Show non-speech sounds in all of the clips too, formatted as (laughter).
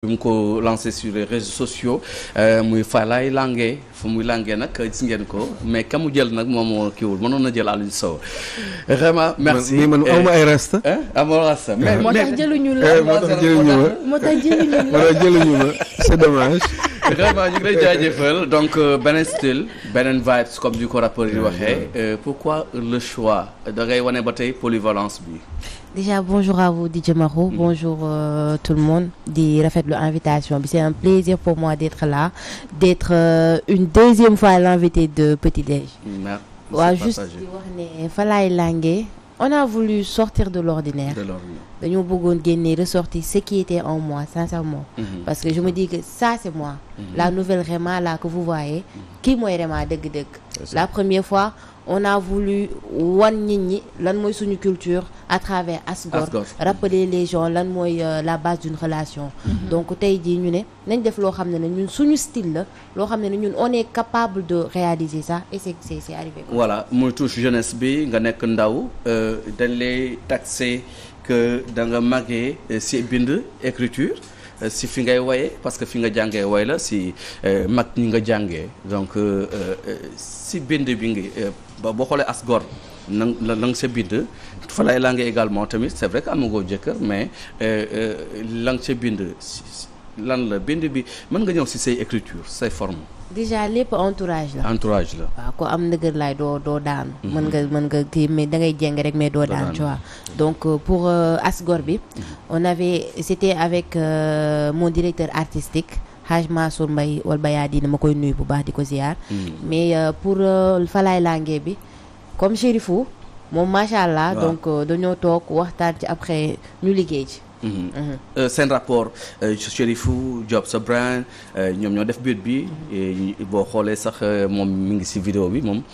bi mu ko lancé sur les réseaux sociaux euh, muy Fallaye Lange fu muy Lange nag gis ngeen ko mais ka mu jël nag moom moo kiiwul mënoon na jël Alioune Sow vraiment. merci mais man aw ma ay rasta. Eh, amoo eh, moo tax jëluñu la moo tax jëluñu ma moo tax jëluñu ma c'est dommage. vraiment donc euh, beneen style beneen vibes comme du ko rappeur yi waxee euh, pourquoi le choix da ngay wane ba tey polyvalence bi. déjà bonjour à vous DJ Maro mm. bonjour euh, tout le monde di rafetlu invitation bi c'est un plaisir pour moi d'être là d'être euh, une deuxième fois l'invité de Petit Déj waaw mm, juste di wax ne fa laay langue on a voulu sortir de l'ordinaire dañoo bëggoon génne ressortir ce qui était en moi sincèrement mm parce que je me dis que ça c'est moi mm-hmm. la nouvelle Rema là que vous voyez kii mm-hmm. mooy Rema dëgg-dëgg la première fois on a voulu wan nit ñi lan mooy suñu culture à travers Asgor rappeler les lan mooy euh, la base d'une relation mm-hmm. donc tey jii ñu ne nañ def loo xam ne ne ñun suñu style la loo xam ne na ñun on est capable de réaliser sax et c'est c'est c'est arrivé voilà muy touche jeunesse bi nga nekk ndaw euh, dañ lay taxé que da nga màggee euh, bind écriture si fi ngay woyee parce que fi nga jàngee woy la si euh, mag ñi nga jàngee donc euh, euh, si bind bi ngi ba boo xoolee as gor na la nga sa bind fa lay laa également tamit c'est vrai que amagoo jëkkër mais la nga sa bind lan la bind bi mën nga ñëw si say écriture say forme déjà lépp entourage la. entourage la waaw ko am ndëgër laay doo doo daanu. Mhm. mën nga mën nga kii mais da ngay jéng rek mais doo daan tu donc euh, pour euh, Asgor bi. Mhm. on avait c'était avec euh, mon directeur artistique. Haj Mansour Mbaye Olbayadi dina ma koy nuyu bu baax di ko ziar. Mhm. mais pour Falaay Langue bi comme Chérifou moom macha allah. donc dañoo toog waxtaan ci après ñu liggéey ci. Mm-hmm. Uh, seen rapport uh, Chérifou Job sa Brian uh, ñoom ñoo def but bi boo xoolee sax moom mu ngi si vidéo bi moom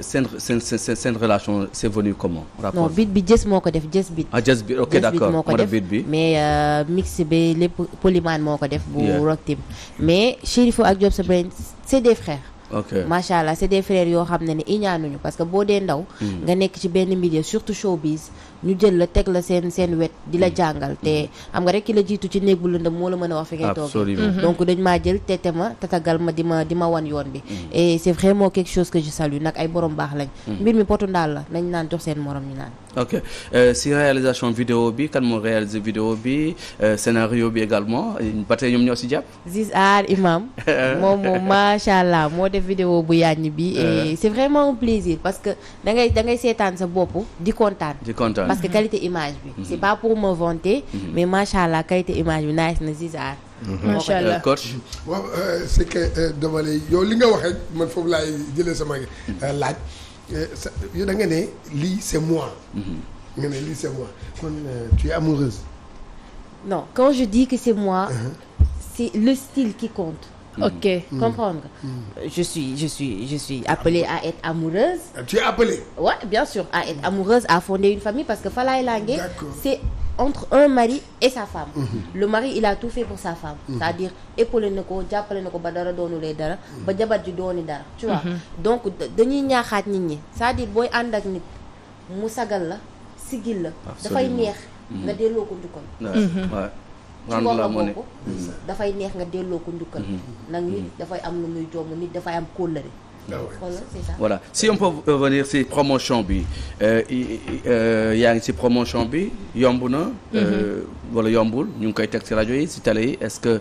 seen seen seen seen relation c'est venu comment. rapport non bi jës moo ko def jës bit. ah jës bit ok d'accord moo ko def bi mais mix bi lépp Polyman moo ko def. bu Rock Team mais Chérifou ak Job sa Brian c'est des frères. ok macha allah c'est des frères yoo xam ne ne iñaanuñu parce que boo dee ndaw. Mm. nga nekk ci benn milieu surtout showbiz. ñu jël la teg la seen seen wet di la mm. jàngal te mm. xam nga rek ki la jiitu ci néeg bu lëndëm moo la mën a wax fi ngay toog mm-hmm. donc dañ maa jël tete ma tatagal ma di ma wan yoon bi mm. et c'est vraiment quelque chose que je salue nag ay borom baax lañ mbir mi potu ndaal la nañ naan jox seen morom ñu naan ok euh, si réalisation vidéo bi kan moo réalisé vidéo bi euh, scénario bi également ba tey ñoom ñoo si jàpp Ziz Aar Imam (laughs) moom moom macha allah moo def vidéo bu yàññ bi e c'est vraiment un parce que da ngay da ngay seetaan sa bopp di kontaan parce que mhm. qualité image bi. Mhm. c'est pas pour me vanter. Mhm. mais macha allah qualité image bi Ziza. macha allah coach. waaw euh, c'est que euh, dama lay yow li nga waxee man foofu laay jëlee sama euh, laaj yow da nga ne lii c'est moi. nga ne lii c'est moi non quand je dis que c'est moi. Uh-huh. c'est le style qui compte. Mm. ok comprendre nga. Mm. je suis je suis je suis appelée à être amoureuse. Ah, tu es bien sûr à être amoureuse à fonder une famille parce que fa laay laangee. c'est entre un mari et sa femme. Mm-hmm. le mari il a tout fait pour sa femme. Mm-hmm. cest dire épaulé na ko jàppale na ko ba dara doonulee dara. Mm-hmm. ba jabar ji dooni dara. tu vois donc dañuy ñaaxaat nit ñi cest dire booy ànd ak nit mu sagal la sigil la. dafay neex. nga delloo ko njukkal. ci wàll boobu mm-hmm. dafay neex nga delloo ko njukkal mm-hmm. nag nit mm-hmm. dafay am lu muy jomb nit dafay am kóllëre ah voilà si on peut venir si promotion bi euh, euh, yaa ngi si promotion bi yomb na euh, wala yombul ñu ngi koy teg si rajo yi si télé yi est-ce que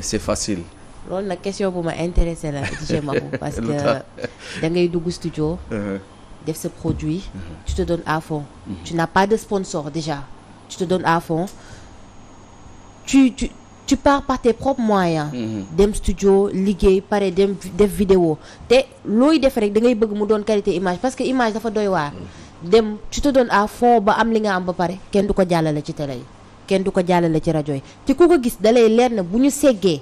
c'est facile loolu nag question bu ma intéressé la DJ (laughs) Mabou parce que da ngay dugg studio uh-huh. def sa produit uh-huh. tu te donnes à fond tu n'as pas de sponsor déjà tu te donnes à fond ci ci ci pars parte tes propres moyens. Mm-hmm. dem studio liggéey pare dem def vidéo te looy def rek da bëgg mu doon qualité image parce que image dafa doy waar. Mm-hmm. dem ci te donnes à fond ba am li nga am ba pare kenn du ko jàllale ci télé yi. kenn du ko jàllale ci rajo yi te ku ko gis dalay leer na bu ñu seggee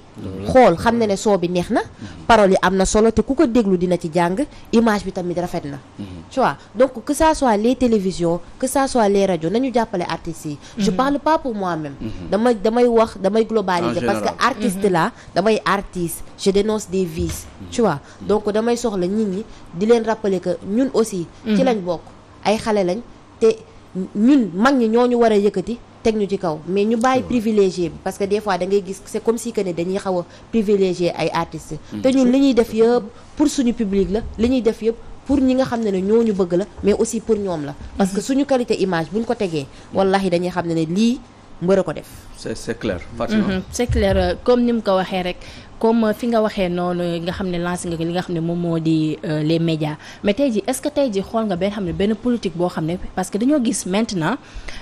xool xam ne ne soo bi neex na parole yi am na solo te ku ko déglu dina ci jàng image bi tamit rafet na mhm. tu donc que ça soit les télévisions que ça soit les rajo nañu jàppale artistes yi mhm. je parle papo pour moi-même mhm. damay wax damay globaliser parce que artiste là damay artiste je dénonce des vices tu vois donc damay soxla nit ñi di leen rappeler que ñun aussi ci lañ bokk ay xale lañ te ñun mag ñi ñoo ñu war a yëkkati teg ñu ci kaw mais ñu bàyyi privilégié bi parce que des fois gis c'est comme si que ne dañuy xaw a privilégié ay artistes mm, te ñun li ñuy def yëpp pour suñu public la li ñuy def yëpp pour ñi nga xam ne ne ñu bëgg la mais aussi pour ñoom la parce que mm-hmm. suñu qualité image buñ ko tegee wallahi dañuy xam ne ne lii mbër a ko def c'est c'est clair mm-hmm. euh, comme ni mu ko waxee rek comme fi nga waxee noonu nga xam ne lancé nga li nga xam ne moom moo di euh, les médias mais tey ji est-ce que tey ji xool nga benn xam ne benn politique boo xam ne parce que dañoo gis maintenant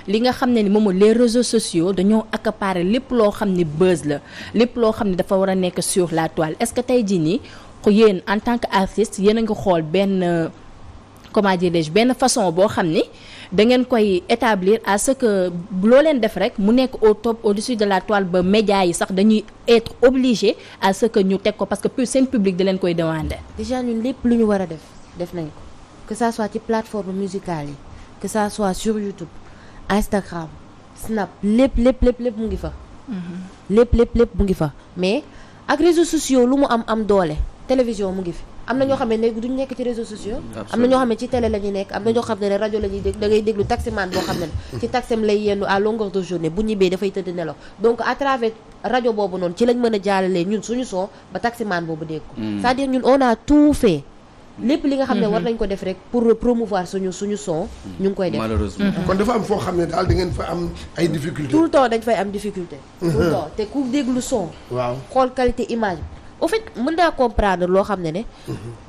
li nga xam ne ni moom les réseaux sociaux dañoo accaparer lépp loo xam ne buzz la lépp loo xam ne dafa war a nekk sur la toile est-ce que tey ji nii yéen en tant que artiste yéen a ngi xool benn euh, comment dirais-je benn façon boo xam ne da ngeen koy établir à ce que loo leen def rek mu nekk au top au-dessus de la toile ba médias yi sax dañuy être obligé à ce que ñu teg ko parce que seen public da leen koy demander. déjà ñun lépp lu ñu war a def def nañ ko que ça soit ci plateforme musicale yi que ça soit sur YouTube Instagram Snap lépp lépp lépp lépp mu ngi fa. Mhm. lépp lépp lépp mu ngi fa mais ak réseaux sociaux lu mu am am doole télévision mu ngi fi. am na ñoo xam ne léegi duñ nekk ci réseaux sociaux am na ñoo xam ne ci télé la ñuy nekk am na ñoo xam ne rajo la ñuy dégg da ngay déglu taximan boo xam ne (laughs) ci taxem lay yendu à longueur de journée bu ñibbee dafay tëdd nelaw boobu noonu ci lañ mën a jaalalee ñun suñu son ba taximan boobu dégg ko mm. cest dire ñun on a tout fait lépp li nga xam ne mm-hmm. war nañ ko def rek pour promouvoir suñu suñu son mm. ñu ngi koy def malheureusement mm-hmm. kon dafa am foo xam ne daal di ngeen fa am ay difficulté tout temps fay am difficulté tout le mm-hmm. temps te ku déglu son xool qualité image au mën naa comprendre loo xam ne ne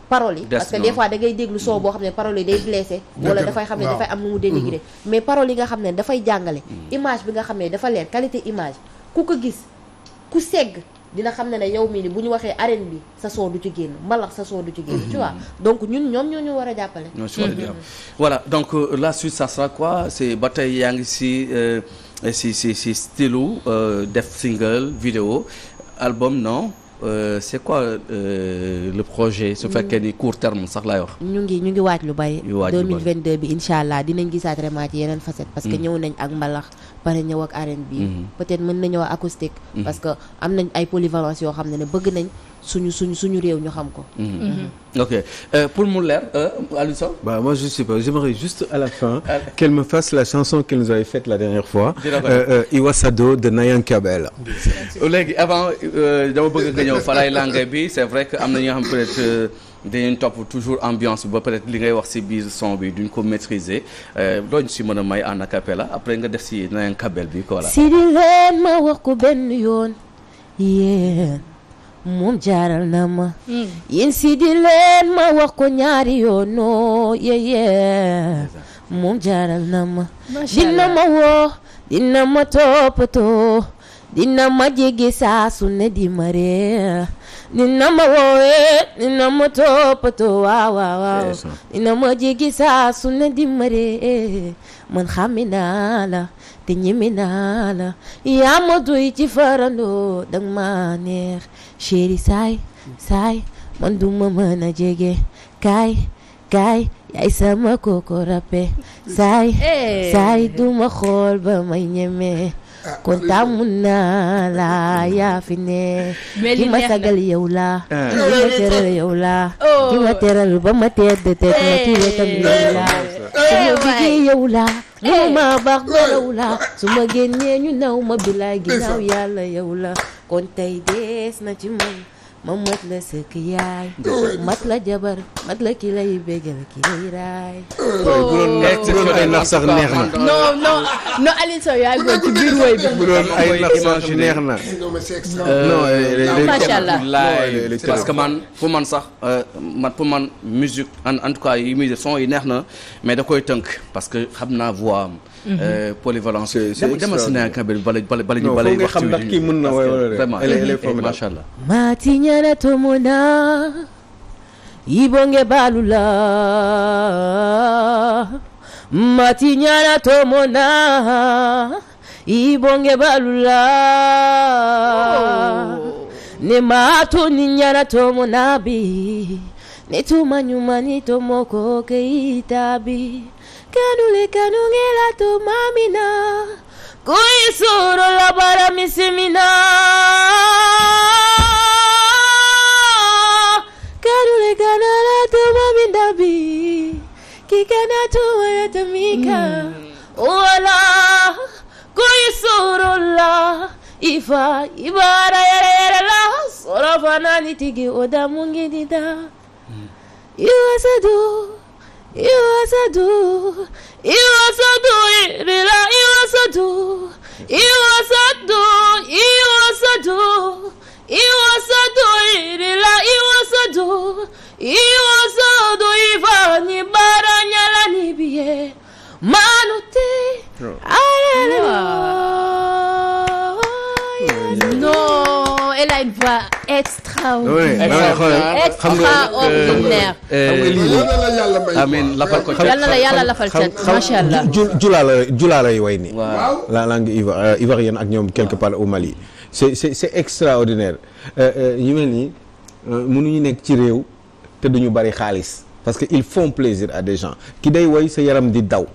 paroles yi parce que des fois da ngay déglu soo boo xam ne paroles yi day blessé wala dafay xam ne dafay am nu mu dénigré mais paroles yi nga xam ne dafay jàngale image bi nga xam ne dafa leer qualité image ku ko gis ku segg dina xam ne na yow mii ni bu ñu waxee arène bi sa son du ci génn mbalax sa son du ci génn tu vois donc ñun ñoom ñoo ñu war a jàppale voilà donc la suite ça sera quoi c'est ba tey yaa ngi si si si si stylu def single vidéo album non Euh, c'est quoi euh, le projet su fekkee ni court terme sax laay wax. ñu ngi ñu ngi waaj lu bari. 2022 bi incha allah dinañ gisaat vraiment ci yeneen facette. parce que mm. ñëw nañ ak mbalax. pare ñëw ak R&B mhm. peut-être mën na ñëw ak acoustique mhm. parce que am nañ ay polyvalence yoo xam ne ne bëgg nañ suñu suñu réew ñu xam ko mhm. ok euh, pour mu leer euh, Aliou Sow bah moi pas juste à la fin ah. qu'elle me fasse la chanson qu'elle nous avait faite la dernière fois euh, euh, Iwasado de Nayan euh, dama bëgg nga ñëw falay langue bi c'est vrai que am na ñoo xam peut-être euh, dañuy topp toujours ambiance bi ba peut-être li ngay wax ci biir son bi duñ ko maîtriser dooñ euh, si mën a may en acapella après nga def si neneen kabel bi voilà. si di leen ma wax ko benn yoon yéen moom jaaral na ma. Hmm. yéen si ma wax ko ñaari yoon noo yéen na ma. dina ma ma toppatoo. dina ma jege saa di ma ree dina ma woowee dina ma toppatoo waaw waaw dina ma jege saa su ne di ma ree man xàmme naa la te yaa ma doy ci farandoo danga ma neex chéri saay saay man du ma mën jege kaay kaay yaay sama kooko rappe saay eh. saay du ma xool kon taamu naa la ah. yaa fi ne. ma sagal yow laa. Ah. ki ma teral laa. ki ba ma tedd tedd ma ci su ma bëggee yow laa. ñu naw ma bilaay ginnaaw kon tey dees na ci man. ma mat la sëkk yaay. mat la jabar mat la ki lay bégal ki lay raay. bu doon bu doon ay nax sax neex na. non non non yaay góor ci biir woy bi. bu doon ay nax sax neex na. non macha allah parce que man pour man sax euh, man pour man musique en en tout cas yi muy def yi neex na mais da koy tënk parce que xam naa voix am. Mhm. Euh, polyvalence. c'est c'est dama si naan kabir bala bala bala ñu bala wax ci kii mën na woy wala vraiment elle est eh, eh, formidable macha allah. mati ñana tomona yibonge balula mati ñana tomona yibonge balula oh. ne mato ni ñana tomona bi. nitumanye umanyite omokoke itabi kanule kanongela tumamina kuisuro bara misimina kanule kanala tumamindabi kikana tuwayatamika mm. wala kuisurola ifa ibara yareyarela sorofananitigi odamunginida يوسدو يوسدو يوسدو رلا يوسدو يوسدو يوسدو iwasodo irila iwasodo iwasodo iva ni bara nyala ni biye manute arelo elle a une voix extraordinaire. extraordinaire. Euh, euh, amiin lafal ko cat yal na lay way nii. waaw la euh, ak ñoom quelque part au Mali. c'est c'est extraordinaire ñu mel nii mënuñu nekk ci réew te duñu bari xaalis parce que ils font plaisir à des gens ki day woy sa yaram di daw.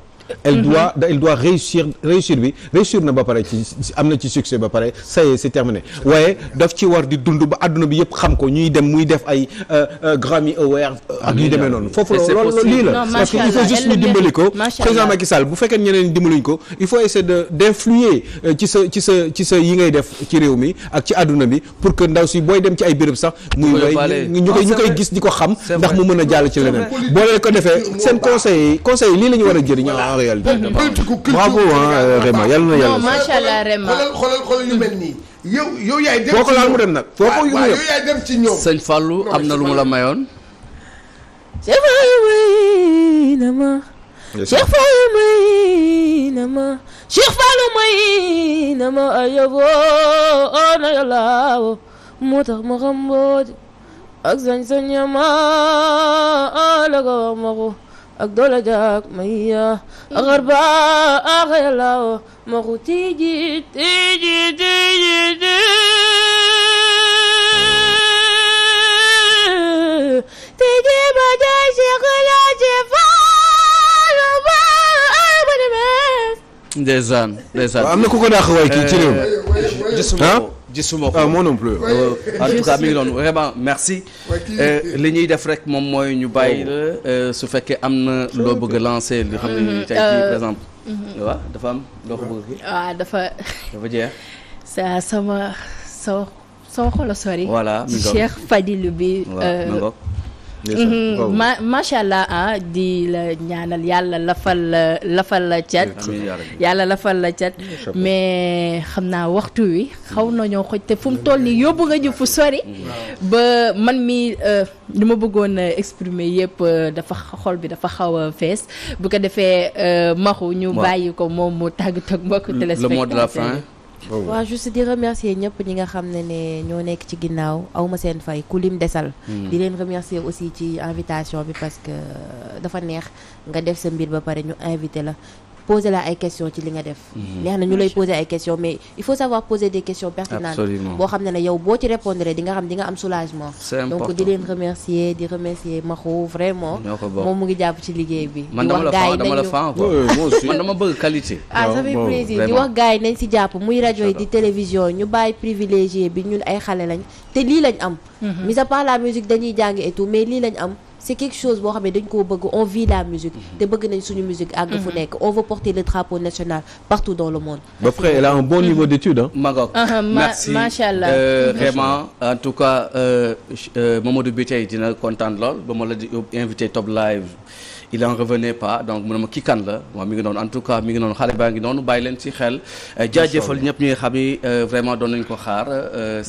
elle mhm. doit elle doit réussir réussir bi réussir na ba pare ci am na ci succès ba pare ça y est c'est terminé waaye daf ci war di dund ba àdduna bi yëpp xam ko ñuy dem muy def ay euh, euh, Grammy Awards euh, ak yu demee noonu foofu loolu lii la parce que il faut juste ñu dimbali ko président Macky Sall bu fekkee ñeneen dimbaluñ ko il faut essayer de d'influer ci sa ci sa yi ngay def ci réew mi ak ci àdduna bi pour que ndaw si booy dem ci ay béréb sax muy way ñu koy gis di ko xam mu mën a jàll ci leneen boo leen ko defee seen réalité. bravo euh, ah Réma am na lu mu la mayoon. Cheikh Fallou may na ma. Cheikh Fallou na ma. moo tax ma xam ak sañ-sañ ma la ko ma ko. ak doole jaag maya garba axelaw maxu tiji tiji tiji tiji ba jaay seexla ci faalu ba ay ba demees ndeysaan ndeysaan am na ku ko dàq waay kii ci réew mi eh, gisuma ko ah moi non plus. en tout cas mi doon vraiment merci. li ñuy def rek moom mooy ñu bàyyi la su fekkee am na loo bëgg a lancer li xam ne tey jii par exemple. waaw dafa am loo ko bëgg a waaw dafa. dafa jeex. sa sama soo soo xolo sori. voilà Cheikh Fadilou bi. Mhm. ma macha allah ah di la ñaanal yàlla lafal lafal la cat yàlla lafal la cat mais xam naa waxtu wi xaw mm-hmm. nañoo xoj te fum mu toll nii yóbbu nga ñu fu sori mm-hmm. ba man mi euh, li ma bëggoon exprimer yëpp euh, dafa xol bi dafa xaw a fees bu ko defee euh, maxu ñu bàyyi ko moom mu tàggatoo ak mbokk téléspectateurs waaw juste di remercier ñëpp ñi nga xam ne ne ñoo nekk ci ginnaaw awma seen fay ku lim desal hmm. di leen remercier aussi ci invitation bi parce que dafa neex nga def sa mbir ba pare ñu invité la poser la ay question ci li nga def mhm. neex na ñu lay poser ay question mais il faut savoir poser des questions pertinentes boo xam ne ne yow boo ci répondre di nga xam di nga am soulagement donc di leen remercier di remercier Maxu vraiment moom mu ngi jàpp ci liggéey bi man di wax gars yi nañ si jàpp muy rajo di télévision ñu bàyyi privilégié bi ñun ay xale lañ te lii lañ am mhm. mis la musique dañuy jàng et mais lii lañ am c'est quelque chose boo xam ne dañ koo bëgg on vit la musique mhm. te bëgg nañ suñu musique àgg fu mhm. nekk on veut porter le drapeau national partout dans le monde ba frère macha allah vraiment en tout cas euh, euh, Mamadou bi tey dina kontaan lool ba ma la di invité top live il en revenait pas donc mu ne ma kii la moom mi ngi noonu en tout cas mi ngi noonu xale baa ngi noonu bàyyi leen ci xel jaajëfal ñëpp ñi nga xam ni euh, vraiment doon nañ ko xaar